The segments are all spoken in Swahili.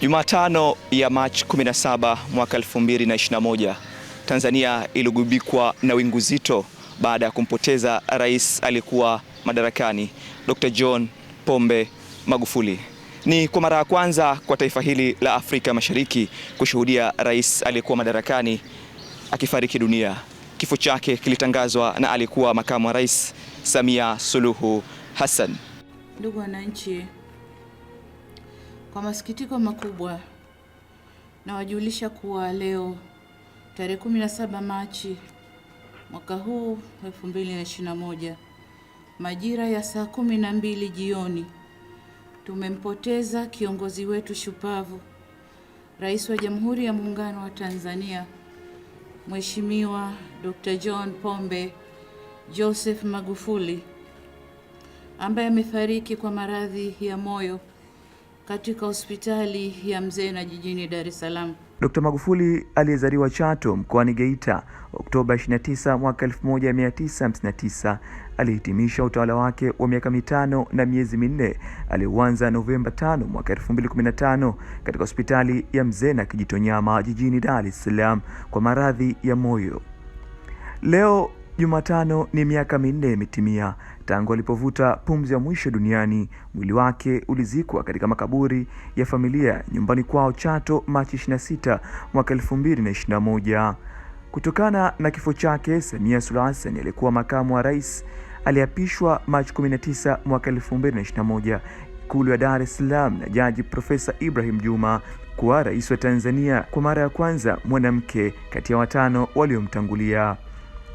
Jumatano ya Machi 17 mwaka 2021, Tanzania iligubikwa na wingu zito baada ya kumpoteza rais aliyekuwa madarakani Dr. John Pombe Magufuli. Ni kwa mara ya kwanza kwa taifa hili la Afrika Mashariki kushuhudia rais aliyekuwa madarakani akifariki dunia. Kifo chake kilitangazwa na aliyekuwa makamu wa rais Samia Suluhu Hassan. Ndugu wananchi kwa masikitiko makubwa nawajulisha kuwa leo tarehe 17 Machi mwaka huu 2021 majira ya saa kumi na mbili jioni tumempoteza kiongozi wetu shupavu, Rais wa Jamhuri ya Muungano wa Tanzania Mheshimiwa Dr. John Pombe Joseph Magufuli ambaye amefariki kwa maradhi ya moyo katika hospitali ya Mzena jijini Dar es Salaam. Dr. Magufuli aliyezaliwa Chato mkoani Geita Oktoba 29 mwaka 1959 alihitimisha utawala wake wa miaka mitano na miezi minne aliuanza Novemba 5 mwaka 2015 katika hospitali ya Mzena Kijitonyama jijini Dar es Salaam kwa maradhi ya moyo. Leo Jumatano ni miaka minne imetimia tangu alipovuta pumzi ya mwisho duniani. Mwili wake ulizikwa katika makaburi ya familia nyumbani kwao Chato Machi 26 mwaka 2021. Kutokana na kifo chake, Samia Suluhu Hassan aliyekuwa makamu wa rais aliapishwa Machi 19 mwaka 2021 Ikulu ya Dar es Salaam na Jaji Profesa Ibrahim Juma kuwa rais wa Tanzania kwa mara ya kwanza mwanamke kati ya watano waliomtangulia.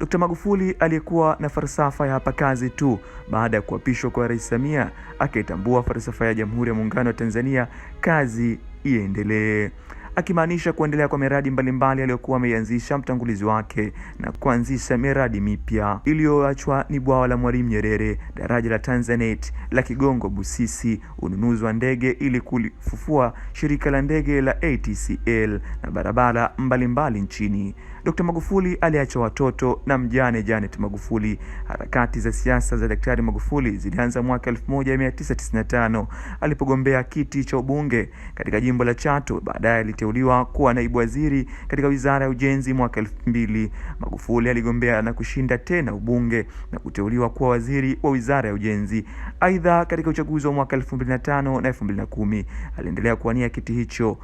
Dkt. Magufuli aliyekuwa na falsafa ya hapa kazi tu, baada ya kuapishwa kwa Rais Samia akaitambua falsafa ya Jamhuri ya Muungano wa Tanzania, kazi iendelee akimaanisha kuendelea kwa miradi mbalimbali aliyokuwa ameianzisha mtangulizi wake na kuanzisha miradi mipya. Iliyoachwa ni bwawa la Mwalimu Nyerere, daraja la Tanzanite, la Kigongo Busisi, ununuzi wa ndege ili kulifufua shirika la ndege la ATCL na barabara mbalimbali mbali nchini. Dkt. Magufuli aliacha watoto na mjane Janet Magufuli. Harakati za siasa za Daktari Magufuli zilianza mwaka 1995 alipogombea kiti cha ubunge katika jimbo la Chato. Baadaye aliteuliwa kuwa naibu waziri katika wizara ya ujenzi mwaka elfu mbili. Magufuli aligombea na kushinda tena ubunge na kuteuliwa kuwa waziri wa wizara ya ujenzi. Aidha, katika uchaguzi wa mwaka elfu mbili na tano na elfu mbili na kumi aliendelea kuwania kiti hicho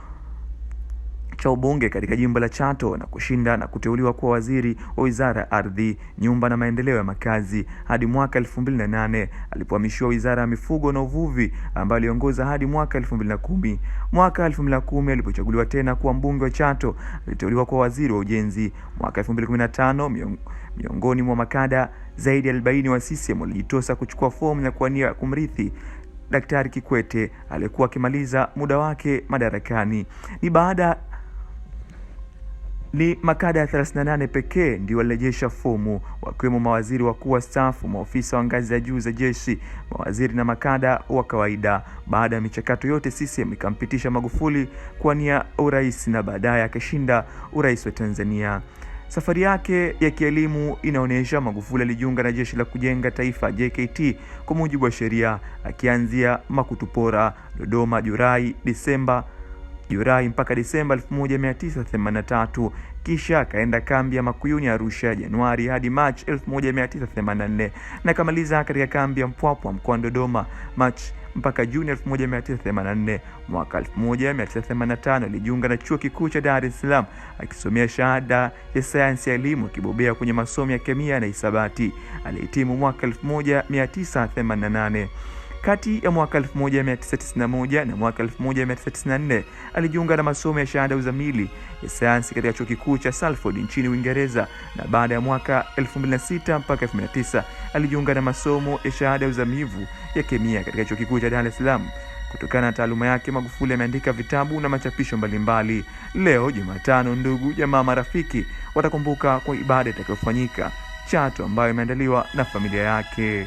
cha ubunge katika jimbo la Chato na kushinda na kuteuliwa kuwa waziri wa wizara ya ardhi, nyumba na maendeleo ya makazi hadi mwaka 2008 alipohamishiwa wizara ya mifugo na uvuvi ambayo aliongoza hadi mwaka 2010. Mwaka 2010 alipochaguliwa tena kuwa mbunge wa Chato, aliteuliwa kuwa waziri wa ujenzi. Mwaka 2015 miongoni mwa makada zaidi ya 40 wa CCM walijitosa kuchukua fomu ya kuwania kumrithi Daktari Kikwete aliyekuwa akimaliza muda wake madarakani. Ni baada ni makada ya 38 pekee ndio walirejesha fomu wakiwemo mawaziri wakuu wastaafu, maofisa wa ngazi za juu za jeshi, mawaziri na makada wa kawaida. Baada ya michakato yote, CCM ikampitisha Magufuli kuwania urais na baadaye akashinda urais wa Tanzania. Safari yake ya kielimu inaonyesha Magufuli alijiunga na Jeshi la Kujenga Taifa JKT kwa mujibu wa sheria, akianzia Makutupora, Dodoma, Julai Desemba Julai mpaka Disemba 1983, kisha akaenda kambi ya Makuyuni Arusha Januari hadi Machi 1984 na akamaliza katika kambi ya Mpwapwa wa Dodoma Machi mpaka Juni 1984. Mwaka 1985 alijiunga na Chuo Kikuu cha Dar es Salaam akisomea shahada ya sayansi ya elimu akibobea kwenye masomo ya kemia na hisabati. Alihitimu mwaka 1988. Kati ya mwaka 1991 na mwaka 1994 alijiunga na masomo ya shahada ya uzamili ya sayansi katika chuo kikuu cha Salford nchini Uingereza, na baada ya mwaka 2006 mpaka 2009 alijiunga na masomo ya shahada ya uzamivu ya kemia katika chuo kikuu cha Dar es Salaam. Kutokana na taaluma yake, Magufuli ameandika vitabu na machapisho mbalimbali. Leo Jumatano, ndugu jamaa, marafiki watakumbuka kwa ibada itakayofanyika Chato ambayo imeandaliwa na familia yake.